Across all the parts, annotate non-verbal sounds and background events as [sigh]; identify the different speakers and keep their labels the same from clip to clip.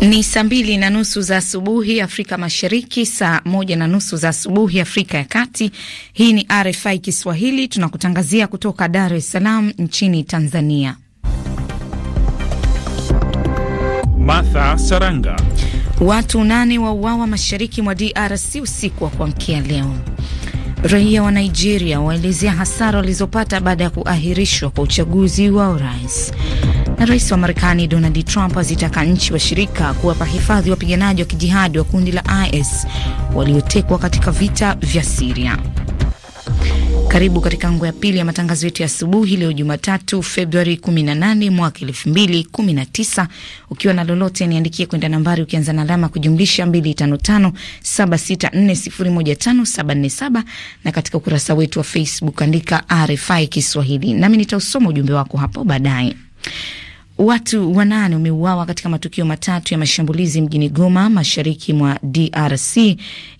Speaker 1: Ni saa mbili na nusu za asubuhi Afrika Mashariki, saa moja na nusu za asubuhi Afrika ya Kati. Hii ni RFI Kiswahili, tunakutangazia kutoka Dar es Salaam nchini Tanzania.
Speaker 2: Martha Saranga.
Speaker 1: Watu nane wauawa mashariki mwa DRC usiku wa kuamkia leo. Raia wa Nigeria waelezea hasara walizopata baada ya kuahirishwa kwa uchaguzi wa urais na rais wa Marekani Donald Trump azitaka nchi washirika kuwapa hifadhi wapiganaji wa kijihadi wa kundi la IS waliotekwa katika vita vya Siria. Karibu katika ngo ya pili ya matangazo yetu ya asubuhi leo Jumatatu, Februari 18 mwaka 2019. Ukiwa na lolote, niandikie kwenda nambari ukianza na alama kujumlisha 255764015747 na katika ukurasa wetu wa Facebook andika RFI Kiswahili, nami nitausoma ujumbe wako hapo baadaye. Watu wanane wameuawa katika matukio matatu ya mashambulizi mjini Goma, mashariki mwa DRC,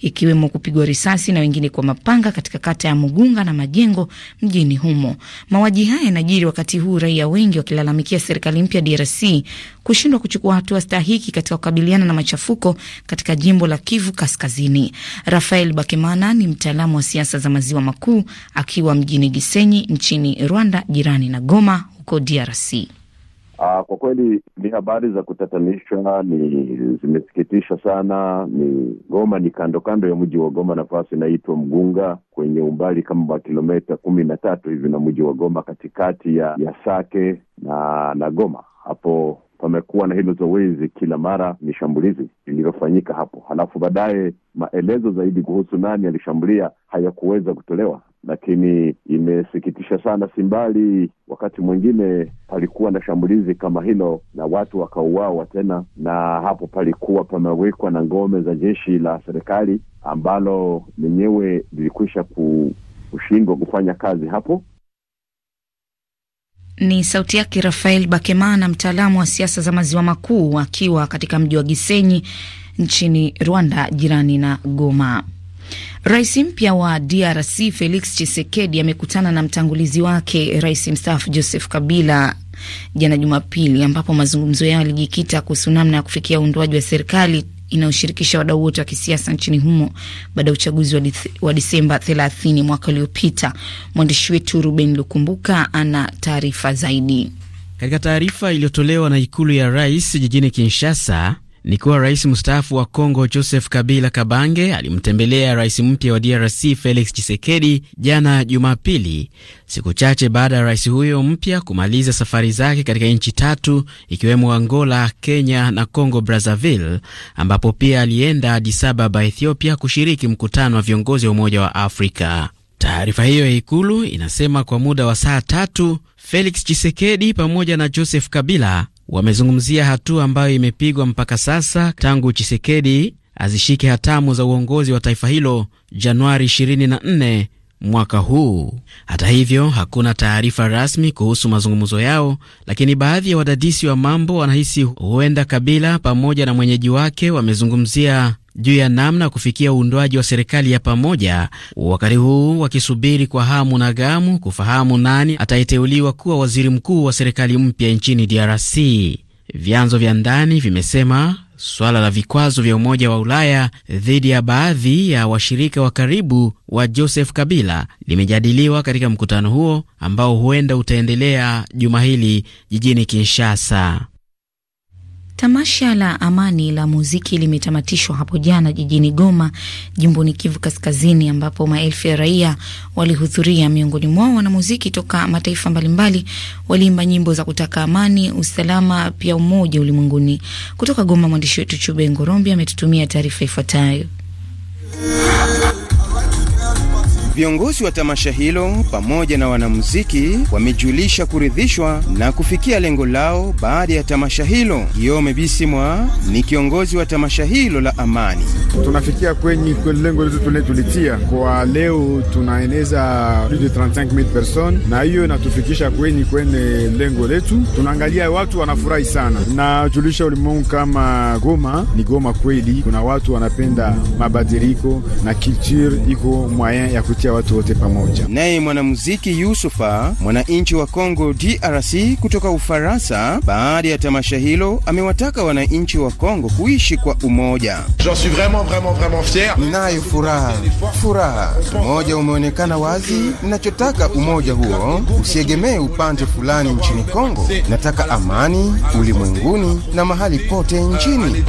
Speaker 1: ikiwemo kupigwa risasi na wengine kwa mapanga katika kata ya Mugunga na Majengo mjini humo. Mauaji haya yanajiri wakati huu raia wengi wakilalamikia serikali mpya DRC kushindwa kuchukua hatua stahiki katika kukabiliana na machafuko katika jimbo la Kivu Kaskazini. Rafael Bakemana ni mtaalamu wa siasa za maziwa makuu akiwa mjini Gisenyi nchini Rwanda, jirani na Goma huko DRC.
Speaker 3: Uh, kwa kweli ni habari za kutatanisha, ni zimesikitisha sana. Ni Goma, ni kando kando ya mji wa Goma, nafasi inaitwa Mgunga, kwenye umbali kama wa kilometa kumi na tatu hivi na mji wa Goma, katikati ya, ya Sake na na Goma hapo pamekuwa na hilo zoezi, kila mara ni shambulizi lililofanyika hapo, halafu baadaye maelezo zaidi kuhusu nani alishambulia hayakuweza kutolewa, lakini imesikitisha sana Simbali. Wakati mwingine palikuwa na shambulizi kama hilo na watu wakauawa tena, na hapo palikuwa pamewekwa na ngome za jeshi la serikali ambalo lenyewe lilikwisha kushindwa kufanya kazi hapo.
Speaker 1: Ni sauti yake Rafael Bakemana, mtaalamu wa siasa za maziwa makuu, akiwa katika mji wa Gisenyi nchini Rwanda, jirani na Goma. Rais mpya wa DRC Felix Tshisekedi amekutana na mtangulizi wake rais mstaafu Joseph Kabila jana Jumapili, ambapo mazungumzo yao yalijikita kuhusu namna ya kufikia uundwaji wa serikali inayoshirikisha wadau wote wa kisiasa nchini humo baada ya uchaguzi wa Disemba 30 mwaka uliopita. Mwandishi wetu Ruben Lukumbuka ana taarifa zaidi.
Speaker 4: Katika taarifa iliyotolewa na ikulu ya rais jijini Kinshasa, ni kuwa rais mstaafu wa congo Joseph Kabila Kabange alimtembelea rais mpya wa DRC Felix chisekedi jana Jumapili, siku chache baada ya rais huyo mpya kumaliza safari zake katika nchi tatu ikiwemo Angola, Kenya na Congo Brazzaville, ambapo pia alienda Addis Ababa, Ethiopia, kushiriki mkutano wa viongozi wa Umoja wa Afrika. Taarifa hiyo ya Ikulu inasema kwa muda wa saa tatu Felix chisekedi pamoja na Joseph Kabila wamezungumzia hatua ambayo imepigwa mpaka sasa tangu Chisekedi azishike hatamu za uongozi wa taifa hilo Januari 24 mwaka huu. Hata hivyo, hakuna taarifa rasmi kuhusu mazungumzo yao, lakini baadhi ya wadadisi wa mambo wanahisi huenda Kabila pamoja na mwenyeji wake wamezungumzia juu ya namna ya kufikia uundwaji wa serikali ya pamoja, wakati huu wakisubiri kwa hamu na gamu kufahamu nani atayeteuliwa kuwa waziri mkuu wa serikali mpya nchini DRC. Vyanzo vya ndani vimesema swala la vikwazo vya Umoja wa Ulaya dhidi ya baadhi ya washirika wa karibu wa Joseph Kabila limejadiliwa katika mkutano huo ambao huenda utaendelea juma hili jijini Kinshasa.
Speaker 1: Tamasha la amani la muziki limetamatishwa hapo jana jijini Goma, jimboni Kivu Kaskazini, ambapo maelfu ya raia walihudhuria. Miongoni mwao wanamuziki toka mataifa mbalimbali waliimba nyimbo za kutaka amani, usalama, pia umoja ulimwenguni. Kutoka Goma, mwandishi wetu Chube Ngorombi ametutumia taarifa ifuatayo.
Speaker 5: Viongozi wa tamasha hilo pamoja na wanamuziki wamejulisha kuridhishwa na kufikia lengo lao baada ya tamasha hilo. Giome Bisimwa ni kiongozi wa tamasha hilo la Amani. Tunafikia kwenye lengo letu tule tulitia kwa leo, tunaeneza plus de 35000 person, na hiyo inatufikisha kwenye kwenye lengo letu. Tunaangalia watu wanafurahi sana, najulisha ulimwengu kama Goma ni Goma kweli, kuna watu wanapenda mabadiliko na culture iko moyen ya kutu kuwaletea watu wote pamoja. Naye mwanamuziki Yusufa, mwananchi wa Kongo DRC kutoka Ufaransa, baada ya tamasha hilo amewataka wananchi wa Kongo kuishi kwa umoja. Ninayo furaha, furaha umoja umeonekana wazi. Ninachotaka umoja huo usiegemee upande fulani nchini Kongo. Nataka amani ulimwenguni na mahali pote nchini.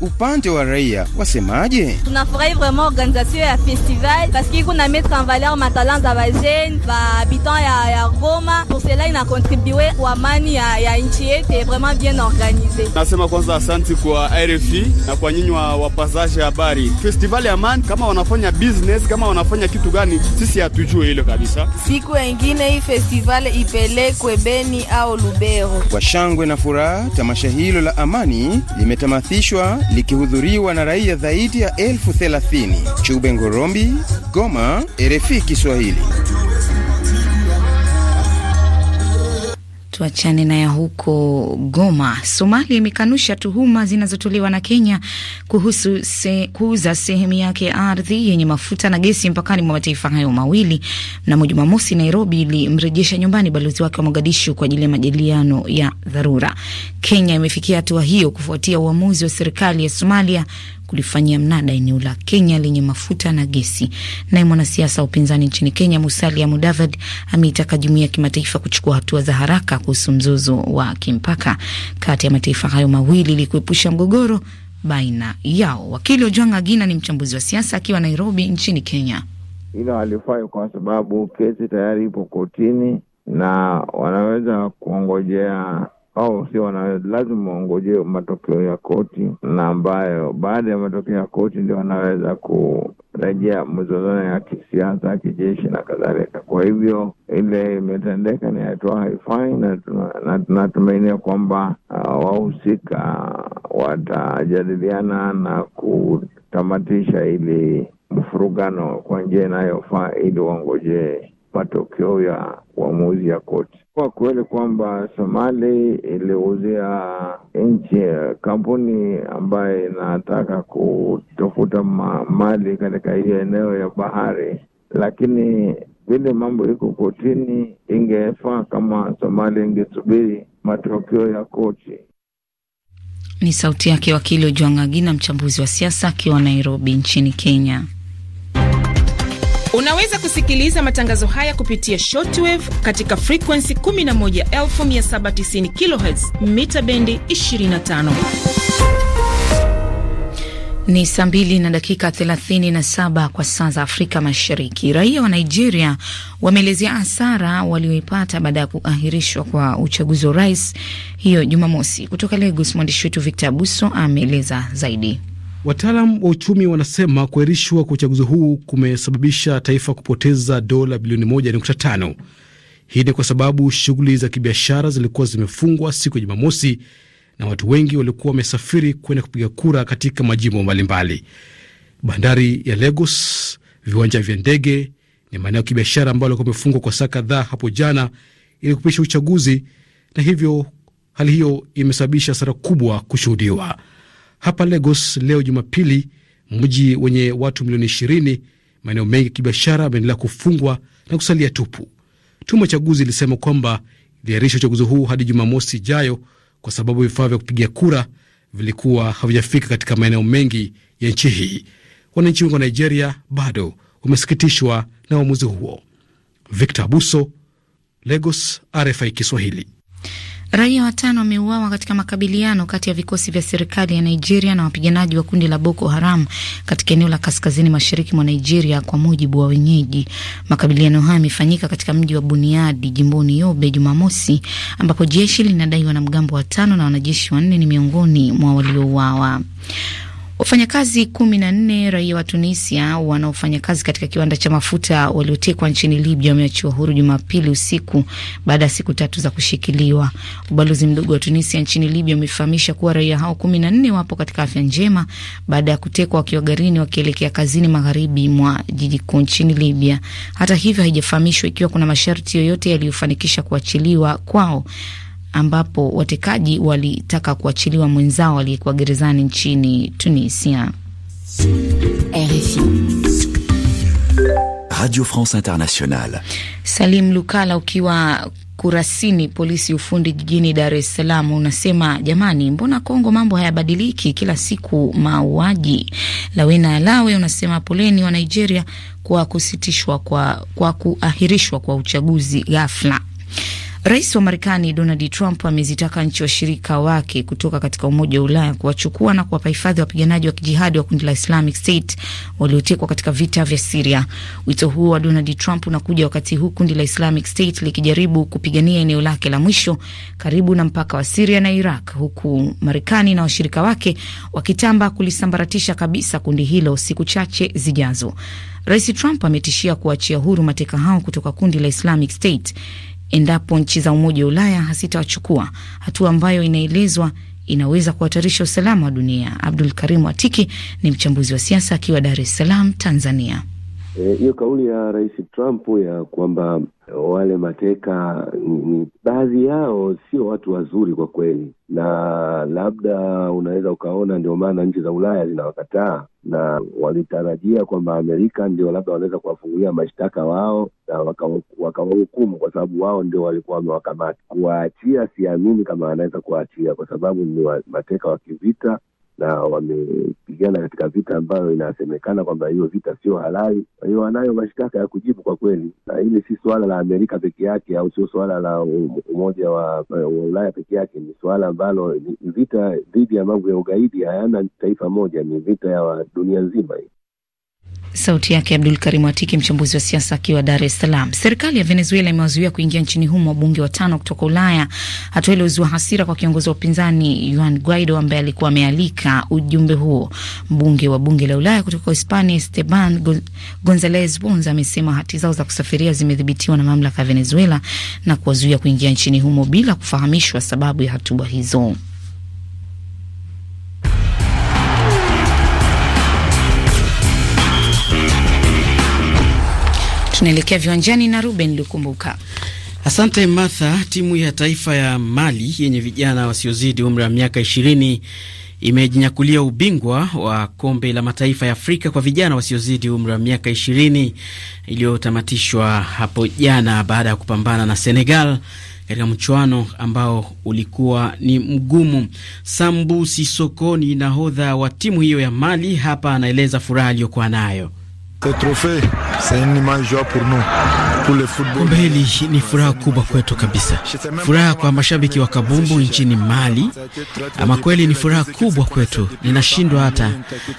Speaker 5: Upande wa raia wasemaje?
Speaker 1: Tunafurahi vraiment organisation ya festival parce que beaucoup na mettre en valeur matalents za bajene ba habitants ya, ya Goma. Pour cela ina contribuer kwa amani ya, ya nchi yetu vraiment bien organisé.
Speaker 5: Nasema kwanza asanti kwa RFI na kwa nyinyi wa wapazaji habari. Festival ya amani kama wanafanya business kama wanafanya kitu gani sisi hatujui hilo kabisa.
Speaker 1: Siku nyingine hii festival ipelekwe Beni au Lubero.
Speaker 5: Kwa shangwe na furaha tamasha hilo la amani limetamathishwa likihudhuriwa na raia zaidi ya elfu thelathini. Chube Ngorombi, Goma kama RFI
Speaker 1: Kiswahili. Tuachane na ya huko Goma. Somalia imekanusha tuhuma zinazotolewa na Kenya kuhusu se, kuuza sehemu yake ya ardhi yenye mafuta na gesi mpakani mwa mataifa hayo mawili. Mnamo Jumamosi, Nairobi ilimrejesha nyumbani balozi wake wa Mogadishu kwa ajili ya majadiliano ya dharura. Kenya imefikia hatua hiyo kufuatia uamuzi wa serikali ya Somalia kulifanyia mnada eneo la Kenya lenye mafuta na gesi. Naye mwanasiasa wa upinzani nchini Kenya Musalia Mudavadi ameitaka jumuiya ya kimataifa kuchukua hatua za haraka kuhusu mzozo wa kimpaka kati ya mataifa hayo mawili ili kuepusha mgogoro baina yao. Wakili Ojwang Agina ni mchambuzi wa siasa akiwa Nairobi nchini Kenya.
Speaker 3: Hilo halifai kwa sababu kesi tayari ipo kotini na wanaweza kuongojea au sio wana lazima waongoje matokeo ya koti, na ambayo baada ya matokeo ya koti ndio wanaweza kurejea mizozano ya kisiasa, kijeshi na kadhalika. Kwa hivyo ile imetendeka ni hatua haifai, na tunatumainia kwamba uh, wahusika watajadiliana na kutamatisha ili mfurugano kwa njia inayofaa, ili waongojee matokeo ya uamuzi ya koti. Kwa kweli kwamba Somali iliuzia nchi kampuni ambayo inataka kutafuta ma mali katika hiyo eneo ya bahari, lakini vile mambo iko kotini, ingefaa kama Somali ingesubiri matokeo ya koti.
Speaker 1: Ni sauti yake wakili Ojwang'agina, mchambuzi wa siasa akiwa Nairobi nchini Kenya.
Speaker 4: Unaweza kusikiliza matangazo haya kupitia shortwave katika frekuensi 11790 kHz mita bendi 25.
Speaker 1: Ni saa mbili na dakika 37 kwa saa za Afrika Mashariki. Raia wa Nigeria wameelezea hasara walioipata baada ya kuahirishwa kwa uchaguzi wa rais hiyo Jumamosi. Kutoka Lagos, mwandishi wetu Victor Abuso ameeleza zaidi.
Speaker 6: Wataalam wa uchumi wanasema kuahirishwa kwa uchaguzi huu kumesababisha taifa kupoteza dola bilioni 1.5. Hii ni kwa sababu shughuli za kibiashara zilikuwa zimefungwa siku ya Jumamosi na watu wengi walikuwa wamesafiri kwenda kupiga kura katika majimbo mbalimbali. Bandari ya Lagos, viwanja vya ndege ni maeneo ya kibiashara ambayo alikuwa amefungwa kwa saa kadhaa hapo jana ili kupisha uchaguzi, na hivyo hali hiyo imesababisha hasara kubwa kushuhudiwa. Hapa Lagos leo Jumapili, mji wenye watu milioni 20, maeneo mengi ya kibiashara ameendelea kufungwa na kusalia tupu. Tume ya uchaguzi ilisema kwamba iliahirisha uchaguzi huu hadi Jumamosi ijayo kwa sababu vifaa vya kupiga kura vilikuwa havijafika katika maeneo mengi ya nchi hii. Wananchi wengi wa Nigeria bado wamesikitishwa na uamuzi huo. Victor Abuso, Lagos, RFI Kiswahili.
Speaker 1: Raia watano wameuawa katika makabiliano kati ya vikosi vya serikali ya Nigeria na wapiganaji wa kundi la Boko Haram katika eneo la kaskazini mashariki mwa Nigeria, kwa mujibu wa wenyeji. Makabiliano haya yamefanyika katika mji wa Buniadi jimboni Yobe Jumamosi, ambapo jeshi linadai wanamgambo watano na wanajeshi wanne ni miongoni mwa waliouawa. Wafanyakazi kumi na nne raia wa Tunisia wanaofanya kazi katika kiwanda cha mafuta waliotekwa nchini Libya wameachiwa huru Jumapili usiku baada ya siku tatu za kushikiliwa. Ubalozi mdogo wa Tunisia nchini Libya umefahamisha kuwa raia hao kumi na nne wapo katika afya njema baada ya kutekwa wakiwa garini wakielekea kazini magharibi mwa jiji kuu nchini Libya. Hata hivyo, haijafahamishwa ikiwa kuna masharti yoyote yaliyofanikisha kuachiliwa kwao ambapo watekaji walitaka kuachiliwa mwenzao aliyekuwa gerezani nchini Tunisia. RFI
Speaker 7: Radio France
Speaker 3: Internationale.
Speaker 1: Salim Lukala ukiwa Kurasini polisi ufundi jijini Dar es Salaam unasema jamani, mbona Kongo mambo hayabadiliki, kila siku mauaji. Lawena Lawe unasema poleni wa Nigeria kwa kusitishwa kwa, kwa kuahirishwa kwa uchaguzi ghafla. Rais wa Marekani Donald Trump amezitaka nchi washirika wake kutoka katika Umoja wa Ulaya kuwachukua na kuwapa hifadhi wapiganaji wa kijihadi wa kundi la Islamic State waliotekwa katika vita vya Siria. Wito huo wa Donald Trump unakuja wakati huu kundi la Islamic State likijaribu kupigania eneo lake la mwisho karibu na mpaka wa Siria na Iraq, huku Marekani na washirika wake wakitamba kulisambaratisha kabisa kundi hilo siku chache zijazo. Rais Trump ametishia kuachia huru mateka hao kutoka kundi la Islamic State endapo nchi za Umoja wa Ulaya hazitawachukua, hatua ambayo inaelezwa inaweza kuhatarisha usalama wa dunia. Abdul Karimu Atiki ni mchambuzi wa siasa akiwa Dar es Salaam, Tanzania.
Speaker 3: E, hiyo e, kauli ya Rais Trump ya kwamba wale mateka ni, baadhi yao sio watu wazuri kwa kweli, na labda unaweza ukaona ndio maana nchi za Ulaya zinawakataa na walitarajia kwamba Amerika ndio labda wanaweza kuwafungulia mashtaka wao na wakawahukumu, waka kwa sababu wao ndio walikuwa wamewakamata. Kuwaachia siamini kama anaweza kuwaachia, kwa sababu ni mateka wa kivita na wamepigana katika vita ambayo inasemekana kwamba hiyo vita sio halali. Kwa hiyo wanayo mashtaka ya kujibu kwa kweli, na hili si suala la Amerika peke yake au sio suala la um-, Umoja eh, wa Ulaya peke yake. Ni suala ambalo vita dhidi ya mambo ya ugaidi hayana taifa moja, ni vita ya dunia nzima hii.
Speaker 1: Sauti yake Abdul Karimu Atiki, mchambuzi wa siasa akiwa Dar es Salaam. Serikali ya Venezuela imewazuia kuingia nchini humo wabunge watano kutoka Ulaya, hatua iliyozua hasira kwa kiongozi wa upinzani Juan Guaido ambaye alikuwa amealika ujumbe huo. Mbunge wa bunge la Ulaya kutoka Hispania Esteban Gonzalez Bons, amesema hati zao za kusafiria zimedhibitiwa na mamlaka ya Venezuela na kuwazuia kuingia nchini humo bila kufahamishwa sababu ya hatua hizo. Tunaelekea viwanjani na Ruben Lukumbuka.
Speaker 4: Asante Martha. Timu ya taifa ya Mali yenye vijana wasiozidi umri wa miaka ishirini imejinyakulia ubingwa wa kombe la mataifa ya Afrika kwa vijana wasiozidi umri wa miaka ishirini iliyotamatishwa hapo jana baada ya kupambana na Senegal katika mchuano ambao ulikuwa ni mgumu. Sambu Sisoko ni nahodha wa timu hiyo ya Mali. Hapa anaeleza furaha aliyokuwa nayo. Ce trophée, c'est une image joie pour nous. Kombe hili ni furaha kubwa kwetu kabisa, furaha kwa mashabiki wa kabumbu nchini Mali. Ama kweli ni furaha kubwa kwetu, ninashindwa hata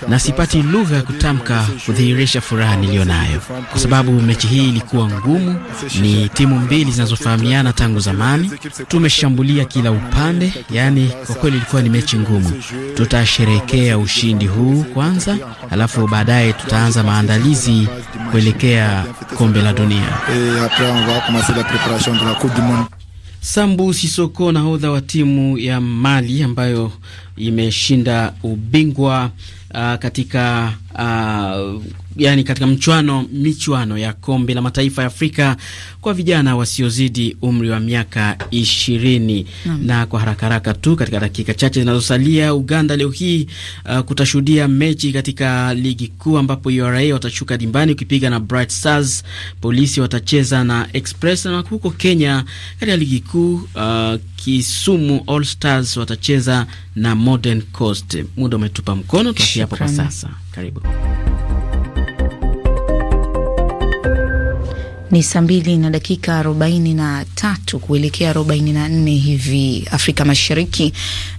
Speaker 4: na sipati lugha ya kutamka kudhihirisha furaha niliyo nayo, kwa sababu mechi hii ilikuwa ngumu. Ni timu mbili zinazofahamiana tangu zamani, tumeshambulia kila upande. Yaani kwa kweli ilikuwa ni mechi ngumu. Tutasherehekea ushindi huu kwanza, alafu baadaye tutaanza maandalizi kuelekea kombe la dunia et après on va commencer la préparation de la Coupe du Monde. Sambu Sisoko, nahodha wa timu ya Mali ambayo imeshinda ubingwa uh, katika uh, yani katika mchuano michuano ya kombe la mataifa ya Afrika kwa vijana wasiozidi umri wa miaka ishirini Na kwa haraka haraka tu katika dakika chache zinazosalia, Uganda leo hii uh, kutashuhudia mechi katika ligi kuu ambapo URA watashuka dimbani ukipiga na Bright Stars, polisi watacheza na Express, na huko Kenya katika ligi kuu uh, Kisumu All Stars watacheza na Modern Coast. Muda umetupa mkono, tuakia hapo kwa sasa. Karibu.
Speaker 1: Ni saa mbili na dakika arobaini na tatu kuelekea arobaini na nne hivi Afrika Mashariki,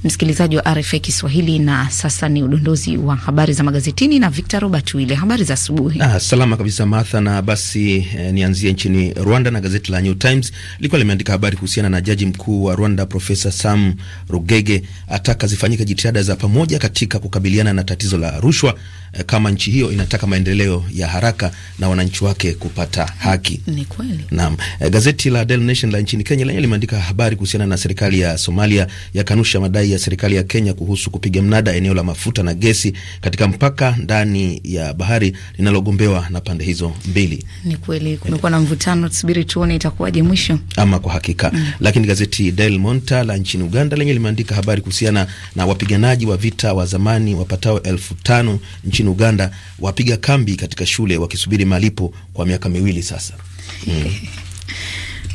Speaker 1: msikilizaji wa RFI Kiswahili. Na sasa ni udondozi wa habari za magazetini na Victor Robert Wile. Habari za asubuhi.
Speaker 8: Ah, salama kabisa Martha, na basi eh, nianzie nchini Rwanda na gazeti la New Times likuwa limeandika habari kuhusiana na jaji mkuu wa Rwanda Profesa Sam Rugege ataka zifanyike jitihada za pamoja katika kukabiliana na tatizo la rushwa eh, kama nchi hiyo inataka maendeleo ya haraka na wananchi wake kupata haki. Ni kweli. Naam. Eh, gazeti la Daily Nation la nchini Kenya lenye limeandika habari kuhusiana na serikali ya Somalia yakanusha madai ya serikali ya Kenya kuhusu kupiga mnada eneo la mafuta na gesi katika mpaka ndani ya bahari linalogombewa na pande hizo mbili.
Speaker 1: Ni kweli kumekuwa na mvutano, tusubiri tuone itakuwaje mwisho.
Speaker 8: Ama kwa hakika. Mm. Lakini gazeti Daily Monitor la nchini Uganda lenye limeandika habari kuhusiana na wapiganaji wa vita wa zamani wapatao elfu tano nchini Uganda wapiga kambi katika shule wakisubiri malipo kwa miaka miwili sasa. Mm.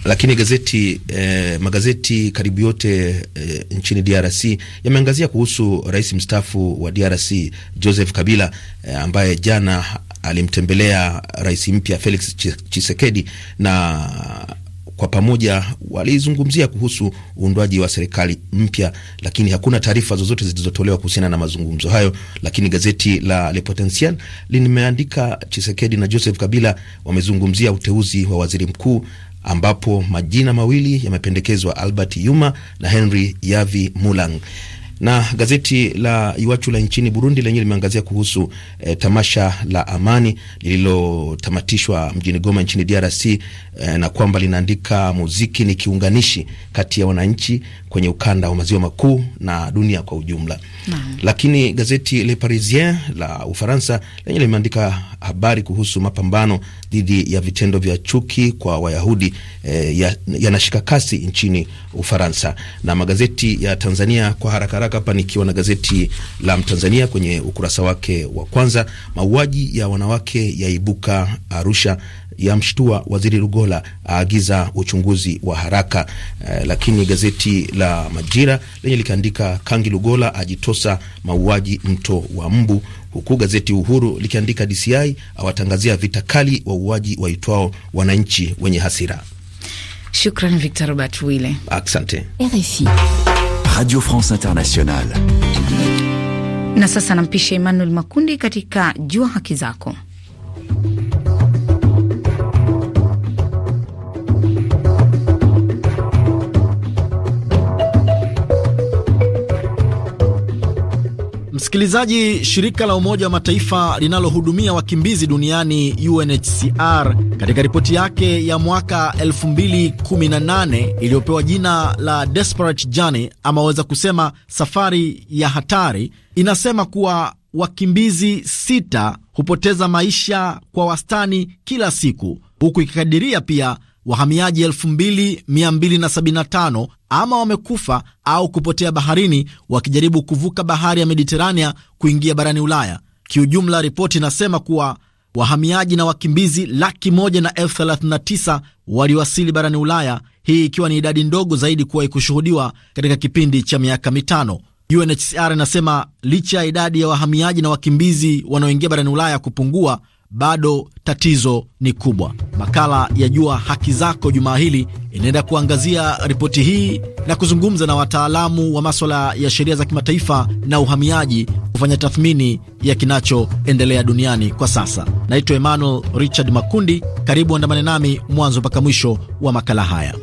Speaker 8: Lakini gazeti eh, magazeti karibu yote eh, nchini DRC yameangazia kuhusu rais mstaafu wa DRC Joseph Kabila eh, ambaye jana alimtembelea rais mpya Felix chisekedi na kwa pamoja walizungumzia kuhusu uundwaji wa serikali mpya, lakini hakuna taarifa zozote zilizotolewa kuhusiana na mazungumzo hayo. Lakini gazeti la Le Potentiel limeandika Chisekedi na Joseph Kabila wamezungumzia uteuzi wa waziri mkuu ambapo majina mawili yamependekezwa, Albert Yuma na Henry Yavi Mulang na gazeti la Iwachu la nchini Burundi lenyewe limeangazia kuhusu eh, tamasha la amani lililotamatishwa mjini Goma nchini DRC Eh, na kwamba linaandika muziki ni kiunganishi kati ya wananchi kwenye ukanda wa maziwa makuu na dunia kwa ujumla. Naam. Lakini gazeti Le Parisien la Ufaransa lenye limeandika habari kuhusu mapambano dhidi ya vitendo vya chuki kwa Wayahudi eh, yanashika ya kasi nchini Ufaransa. Na magazeti ya Tanzania kwa haraka haraka, hapa nikiwa na gazeti la Mtanzania kwenye ukurasa wake wa kwanza, mauaji ya wanawake yaibuka Arusha, yamshtua Waziri Rugo Ola aagiza uchunguzi wa haraka. Eh, lakini gazeti la Majira lenye likaandika Kangi Lugola ajitosa mauaji mto wa mbu, huku gazeti Uhuru likiandika DCI awatangazia vita kali wauaji waitwao wananchi wenye hasira.
Speaker 1: Shukran Victor Robert asante. RFI
Speaker 7: Radio France Internationale.
Speaker 1: Na sasa nampisha Emmanuel Makundi katika Jua Haki Zako.
Speaker 7: Msikilizaji, shirika la Umoja wa Mataifa linalohudumia wakimbizi duniani UNHCR katika ripoti yake ya mwaka 2018 iliyopewa jina la Desperate Journey ama waweza kusema safari ya hatari, inasema kuwa wakimbizi sita hupoteza maisha kwa wastani kila siku, huku ikikadiria pia wahamiaji 2275 ama wamekufa au kupotea baharini wakijaribu kuvuka bahari ya Mediterania kuingia barani Ulaya. Kiujumla, ripoti inasema kuwa wahamiaji na wakimbizi laki moja na elfu thelathini na tisa waliwasili barani Ulaya, hii ikiwa ni idadi ndogo zaidi kuwahi kushuhudiwa katika kipindi cha miaka mitano. UNHCR inasema licha ya idadi ya wahamiaji na wakimbizi wanaoingia barani Ulaya kupungua bado tatizo ni kubwa. Makala ya Jua Haki Zako jumaa hili inaenda kuangazia ripoti hii na kuzungumza na wataalamu wa maswala ya sheria za kimataifa na uhamiaji kufanya tathmini ya kinachoendelea duniani kwa sasa. Naitwa Emmanuel Richard Makundi, karibu andamane nami mwanzo mpaka mwisho wa makala haya.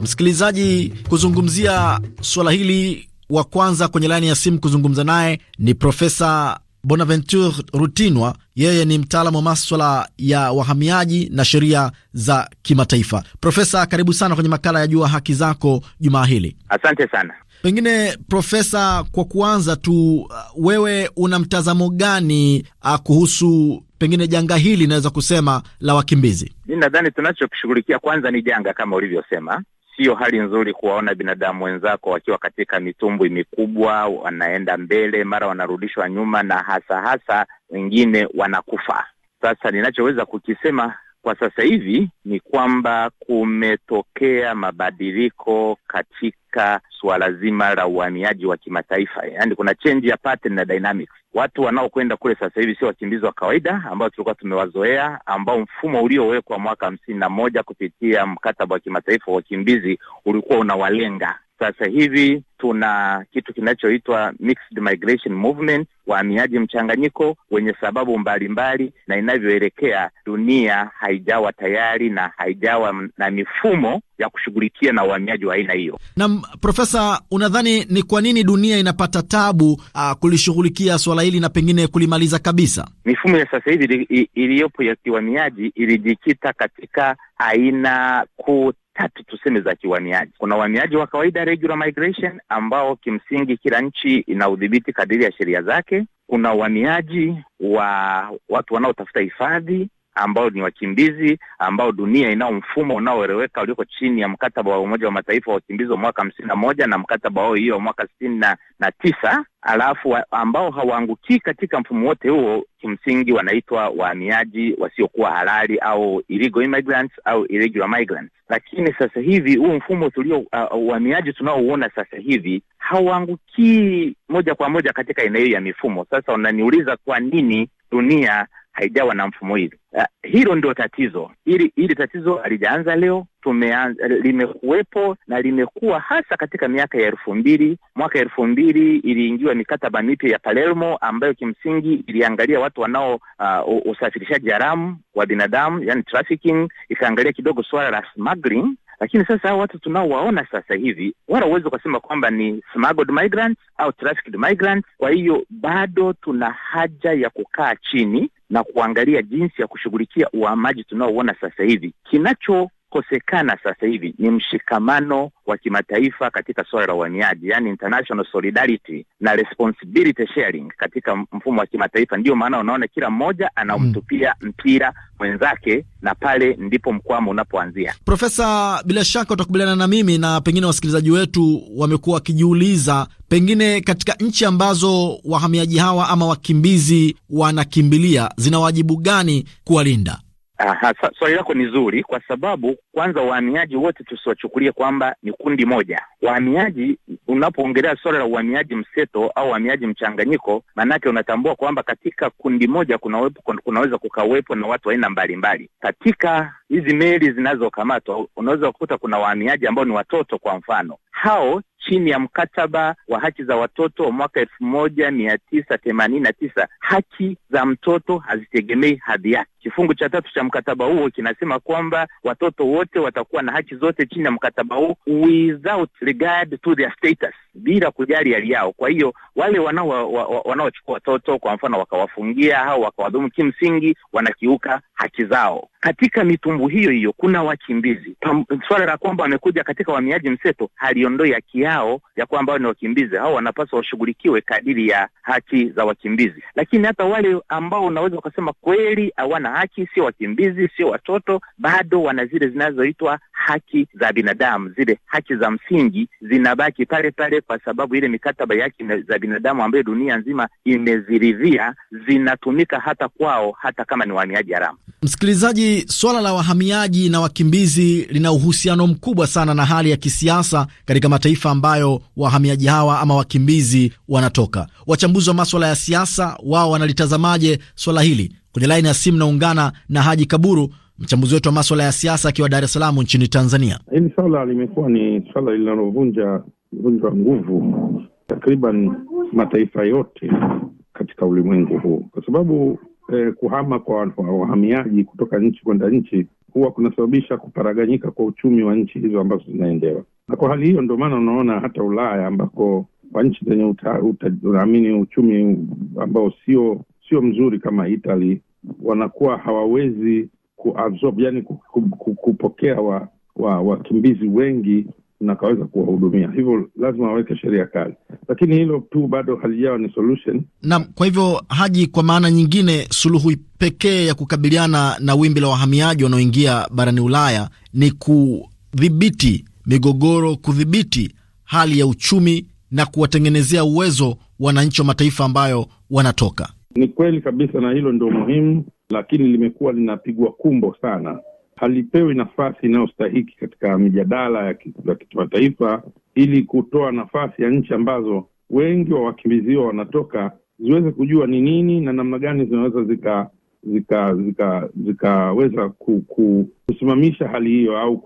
Speaker 7: Msikilizaji, kuzungumzia suala hili, wa kwanza kwenye laini ya simu kuzungumza naye ni Profesa Bonaventure Rutinwa, yeye ni mtaalamu wa maswala ya wahamiaji na sheria za kimataifa. Profesa, karibu sana kwenye makala ya Jua Haki Zako jumaa hili. Asante sana. Pengine Profesa, kwa kuanza tu, uh, wewe una mtazamo gani uh, kuhusu pengine janga hili inaweza kusema la wakimbizi?
Speaker 9: Mi nadhani tunachokishughulikia kwanza ni janga kama ulivyosema, sio hali nzuri kuwaona binadamu wenzako wakiwa katika mitumbwi mikubwa, wanaenda mbele, mara wanarudishwa nyuma, na hasa hasa wengine wanakufa. Sasa ninachoweza kukisema kwa sasa hivi ni kwamba kumetokea mabadiliko katika suala zima la uhamiaji wa kimataifa, yaani kuna change ya pattern na dynamics watu wanaokwenda kule sasa hivi sio wakimbizi wa kawaida ambao tulikuwa tumewazoea, ambao mfumo uliowekwa mwaka hamsini na moja kupitia mkataba wa kimataifa wa wakimbizi ulikuwa unawalenga sasa hivi tuna kitu kinachoitwa mixed migration movement, wahamiaji mchanganyiko wenye sababu mbalimbali mbali, na inavyoelekea dunia haijawa tayari na haijawa na mifumo ya kushughulikia na uhamiaji wa aina hiyo.
Speaker 7: Naam, Profesa, unadhani ni kwa nini dunia inapata tabu uh, kulishughulikia swala hili na pengine kulimaliza kabisa?
Speaker 9: Mifumo ya sasa hivi iliyopo ya kiuhamiaji ilijikita katika aina kuu tatu tuseme za kiwaniaji. Kuna waniaji wa kawaida regular migration, ambao kimsingi kila nchi ina udhibiti kadiri ya sheria zake. Kuna waniaji wa watu wanaotafuta hifadhi ambao ni wakimbizi ambao dunia inao mfumo unaoeleweka ulioko chini ya mkataba wa Umoja wa Mataifa wa wakimbizi wa mwaka hamsini na moja na mkataba wao hiyo wa mwaka sitini na, na tisa alafu ambao hawaangukii katika mfumo wote huo, kimsingi wanaitwa wahamiaji wasiokuwa halali au illegal immigrants au irregular migrants. Lakini sasa hivi huu mfumo tulio uh, uhamiaji uh, tunaouona sasa hivi hawaangukii moja kwa moja katika aina hiyo ya mifumo. Sasa unaniuliza kwa nini dunia haijawa na mfumo hivi. Uh, hilo ndio tatizo. Hili hili tatizo halijaanza leo, tumeanza limekuwepo na limekuwa hasa katika miaka ya elfu mbili. Mwaka elfu mbili iliingiwa mikataba mipya ya Palermo ambayo kimsingi iliangalia watu wanao uh, usafirishaji haramu wa binadamu, yani trafficking, ikaangalia kidogo suala la smuggling lakini sasa hao watu tunaowaona sasa hivi wala huwezi ukasema kwamba ni smuggled migrants au trafficked migrants. Kwa hiyo bado tuna haja ya kukaa chini na kuangalia jinsi ya kushughulikia uhamaji tunaoona sasa hivi. Kinacho kinachokosekana sasa hivi ni mshikamano wa kimataifa katika suala la uhamiaji, yani international solidarity na responsibility sharing katika mfumo wa kimataifa. Ndiyo maana unaona kila mmoja anamtupia mm, mpira mwenzake, na pale ndipo mkwamo unapoanzia.
Speaker 7: Profesa, bila shaka utakubaliana na mimi na pengine wasikilizaji wetu wamekuwa wakijiuliza, pengine katika nchi ambazo wahamiaji hawa ama wakimbizi wanakimbilia zina wajibu gani kuwalinda?
Speaker 9: Aha, ah, swali lako ni zuri kwa sababu kwanza wahamiaji wote tusiwachukulie kwamba ni kundi moja. Wahamiaji, unapoongelea swala la uhamiaji mseto au uhamiaji mchanganyiko, maanake unatambua kwamba katika kundi moja kunawepo, kunaweza kukawepo na watu aina mbalimbali. Katika hizi meli zinazokamatwa, unaweza kukuta kuna wahamiaji ambao ni watoto, kwa mfano hao chini ya mkataba wa haki za watoto wa mwaka elfu moja mia tisa themanini na tisa. Haki za mtoto hazitegemei hadhi yake. Kifungu cha tatu cha mkataba huo kinasema kwamba watoto wote watakuwa na haki zote chini ya mkataba huo without regard to their status bila kujali hali yao. Kwa hiyo wale wanaochukua wa, wa, watoto kwa mfano wakawafungia au wakawadhumu, kimsingi wanakiuka haki zao. Katika mitumbu hiyo hiyo kuna wakimbizi. Suala la kwamba wamekuja katika uhamiaji mseto haliondoi haki yao ya kwamba ni wakimbizi, hao wanapaswa washughulikiwe kadiri ya haki za wakimbizi. Lakini hata wale ambao unaweza ukasema kweli hawana haki, sio wakimbizi, sio watoto, bado wana zile zinazoitwa haki za binadamu, zile haki za msingi zinabaki pale pale, kwa sababu ile mikataba ya haki za binadamu ambayo dunia nzima imeziridhia zinatumika hata kwao, hata kama ni wahamiaji haramu.
Speaker 7: Msikilizaji, swala la wahamiaji na wakimbizi lina uhusiano mkubwa sana na hali ya kisiasa katika mataifa ambayo wahamiaji hawa ama wakimbizi wanatoka. Wachambuzi wa maswala ya siasa wao wanalitazamaje swala hili? Kwenye laini ya simu naungana na Haji Kaburu mchambuzi wetu wa maswala ya siasa akiwa Dar es Salaam nchini Tanzania.
Speaker 10: Hili swala limekuwa ni swala linalovunja vunjwa nguvu takriban mataifa yote katika ulimwengu huu kwa sababu eh, kuhama kwa wahamiaji kutoka nchi kwenda nchi huwa kunasababisha kuparaganyika kwa uchumi wa nchi hizo ambazo zinaendewa, na kwa hali hiyo ndio maana unaona hata Ulaya ambako kwa nchi zenye unaamini uchumi ambao sio sio mzuri kama Italy wanakuwa hawawezi kuabsorb, yani kupokea wa wakimbizi wengi na akaweza kuwahudumia. Hivyo lazima waweke sheria kali, lakini hilo tu bado halijawa ni solution.
Speaker 7: Naam, kwa hivyo Haji, kwa maana nyingine, suluhu pekee ya kukabiliana na wimbi la wahamiaji wanaoingia barani Ulaya ni kudhibiti migogoro, kudhibiti hali ya uchumi na kuwatengenezea uwezo wananchi wa mataifa ambayo wanatoka.
Speaker 10: Ni kweli kabisa, na hilo ndio muhimu, lakini limekuwa linapigwa kumbo sana, halipewi nafasi inayostahiki katika mijadala ya kimataifa, ili kutoa nafasi ya nchi ambazo wengi wa wakimbiziwa wanatoka ziweze kujua ni nini na namna gani zinaweza zika zikaweza zika, zika ku, ku, kusimamisha hali hiyo au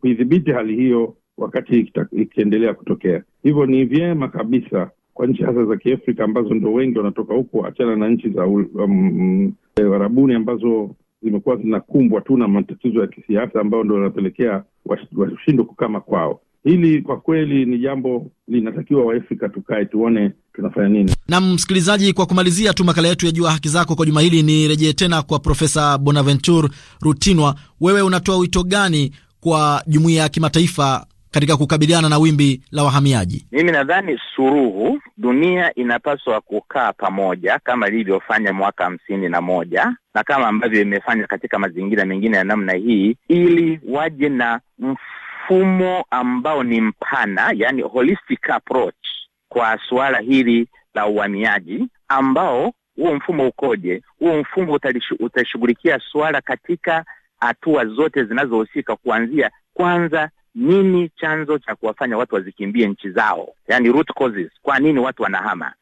Speaker 10: kuidhibiti hali hiyo wakati ikiendelea kutokea. Hivyo ni vyema kabisa kwa nchi hasa za Kiafrika ambazo ndo wengi wanatoka huko, achana na nchi za um, Gharabuni eh, ambazo zimekuwa zinakumbwa tu na matatizo ya kisiasa ambayo ndo yanapelekea washindwe kukama kwao. Hili kwa kweli ni jambo linatakiwa, Waafrika tukae tuone tunafanya nini.
Speaker 7: Na msikilizaji, kwa kumalizia tu makala yetu ya Jua Haki Zako kwa juma hili, nirejee tena kwa Profesa Bonaventure Rutinwa, wewe unatoa wito gani kwa jumuiya ya kimataifa katika kukabiliana na wimbi la wahamiaji?
Speaker 9: Mimi nadhani suruhu, dunia inapaswa kukaa pamoja kama ilivyofanya mwaka hamsini na moja na kama ambavyo imefanya katika mazingira mengine ya namna hii, ili waje na mfumo ambao ni mpana, yani holistic approach kwa suala hili la uhamiaji, ambao huo mfumo ukoje? Huo mfumo utashughulikia suala katika hatua zote zinazohusika, kuanzia kwanza nini chanzo cha kuwafanya watu wazikimbie nchi zao, yani root causes. Kwa nini watu wanahama?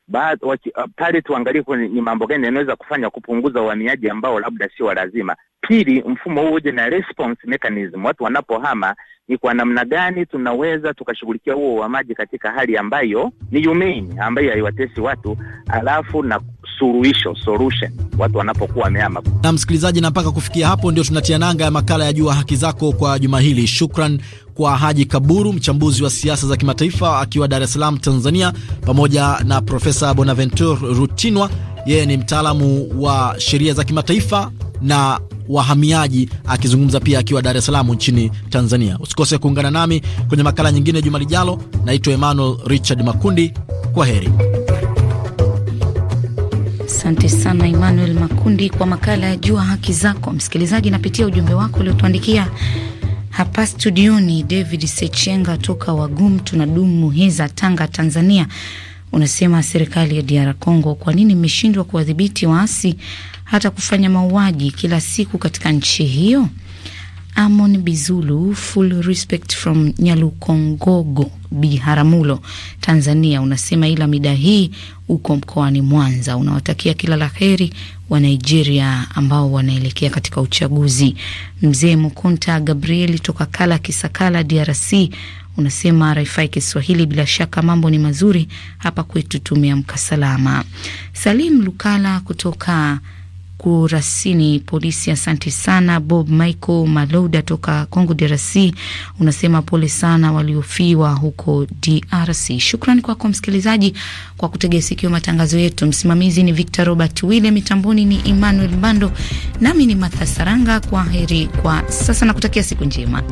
Speaker 9: Uh, pale tuangalie ni mambo gani yanaweza kufanya kupunguza uhamiaji ambao labda sio lazima. Pili, mfumo huu uje na response mechanism. Watu wanapohama ni kwa namna gani tunaweza tukashughulikia huo uhamaji katika hali ambayo ni humane, ambayo haiwatesi watu, alafu na suluhisho solution watu wanapokuwa wameama.
Speaker 7: Na msikilizaji, na mpaka kufikia hapo ndio tunatia nanga ya makala ya Jua Haki Zako kwa juma hili. Shukran kwa Haji Kaburu, mchambuzi wa siasa za kimataifa akiwa Dar es Salaam, Tanzania, pamoja na Profesa Bonaventure Rutinwa, yeye ni mtaalamu wa sheria za kimataifa na wahamiaji akizungumza pia akiwa Dar es Salaam nchini Tanzania. Usikose kuungana nami kwenye makala nyingine juma lijalo. Naitwa Emmanuel Richard Makundi, kwa heri.
Speaker 1: Asante sana Emmanuel Makundi kwa makala ya Jua Haki Zako. Msikilizaji, napitia ujumbe wako uliotuandikia hapa studioni. David Sechenga toka Wagum tunadumu Muheza, Tanga, Tanzania, unasema serikali ya DR Congo, kwa nini mmeshindwa kuwadhibiti waasi hata kufanya mauaji kila siku katika nchi hiyo? Amon Bizulu, full respect from Nyalukongogo Biharamulo, Tanzania, unasema ila mida hii uko mkoani Mwanza, unawatakia kila la heri wa Nigeria ambao wanaelekea katika uchaguzi. Mzee Mukunta Gabrieli toka Kala Kisakala, DRC, unasema RFI Kiswahili, bila shaka mambo ni mazuri hapa kwetu, tumeamka salama. Salim Lukala kutoka kurasini polisi. Asante sana Bob Michael Malouda toka Congo DRC, unasema pole sana waliofiwa huko DRC. Shukrani kwako msikilizaji kwa kutegea sikio matangazo yetu. Msimamizi ni Victor Robert Wille, mitamboni ni Emmanuel Bando, nami ni Martha Saranga. Kwa heri kwa sasa na kutakia siku njema.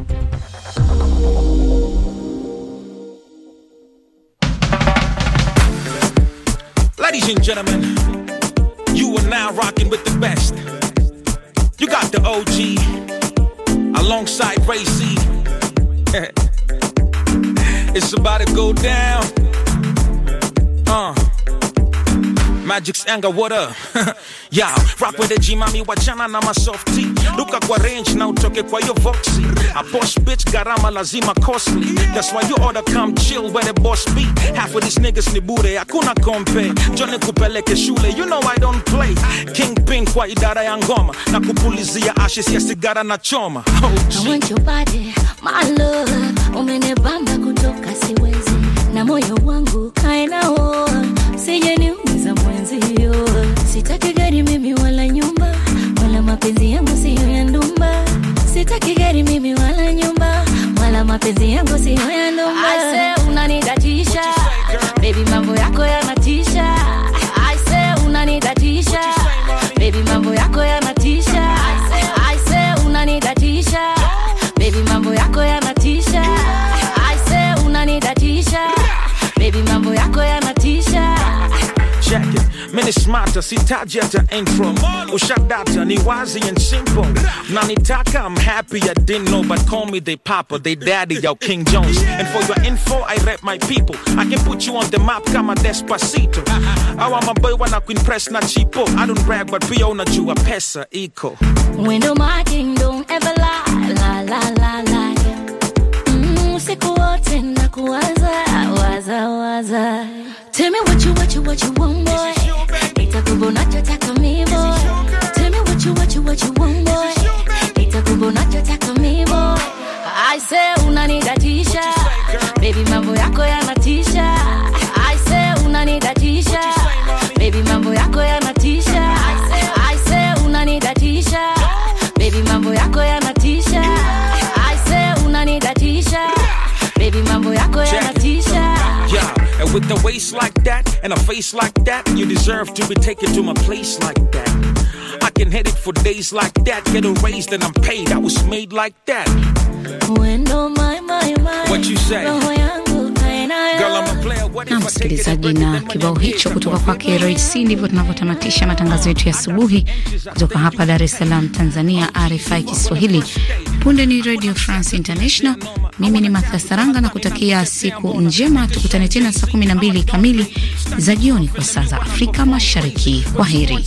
Speaker 2: Ladies and gentlemen. now rocking with the best. You got the OG alongside Ray C. [laughs] it's about to go down. Uh. Magic's anger, what up? [laughs] Y'all, rock with the G, mommy, watch out, I'm myself, T. luka kwa range na utoke kwa yo voxy a boss bitch gharama lazima costly that's why you order come chill when the boss be half of these niggas ni bure hakuna kompe jone kupeleke shule you know i don't play king pin kwa idara ya ngoma na kupulizia ashes ya sigara na choma oh,
Speaker 11: I want your body, my love umenibamba kutoka siwezi na moyo wangu kaina kae nao mwenzi mwenzio sitaki gari mimi wala nyumba mapenzi yangu siyo ya ndumba, sitaki gari mimi wala nyumba, wala mapenzi yangu siyo ya ndumba. say unanidatisha baby, mambo yako yanatisha. say unanidatisha
Speaker 2: ni smart, sitaji hata intro, ushadata oh, ni wazi and simple, na nitaka I'm happy I didn't know, but call me the papa, the daddy, yo King Jones, and for your info I rap my people, I can put you on the map kama Despacito, awa maboy wana press na chipo, I don't brag but pia unajua pesa iko.
Speaker 11: Wendo making don't ever lie, la la la la, mm, usiku wote na kuwaza, waza waza, tell me what you what you what you want boy me, boy. Tell me what you, what you, what you want, boy. I say unanidadisha, baby, mambo yako yana
Speaker 2: a waist like that and a face like that, you deserve to be taken to my place like that. I can hit it for days like that. Get a raise, and I'm paid. I was made like that.
Speaker 11: When my my my. What you say?
Speaker 1: na msikilizaji, na kibao hicho kutoka kwake Raisi, ndivyo tunavyotamatisha matangazo yetu ya asubuhi kutoka hapa Dar es Salaam, Tanzania, RFI Kiswahili. Punde ni Radio France International. Mimi ni Martha Saranga na kutakia siku njema, tukutane tena saa 12 kamili za jioni kwa saa za Afrika Mashariki. Kwa heri.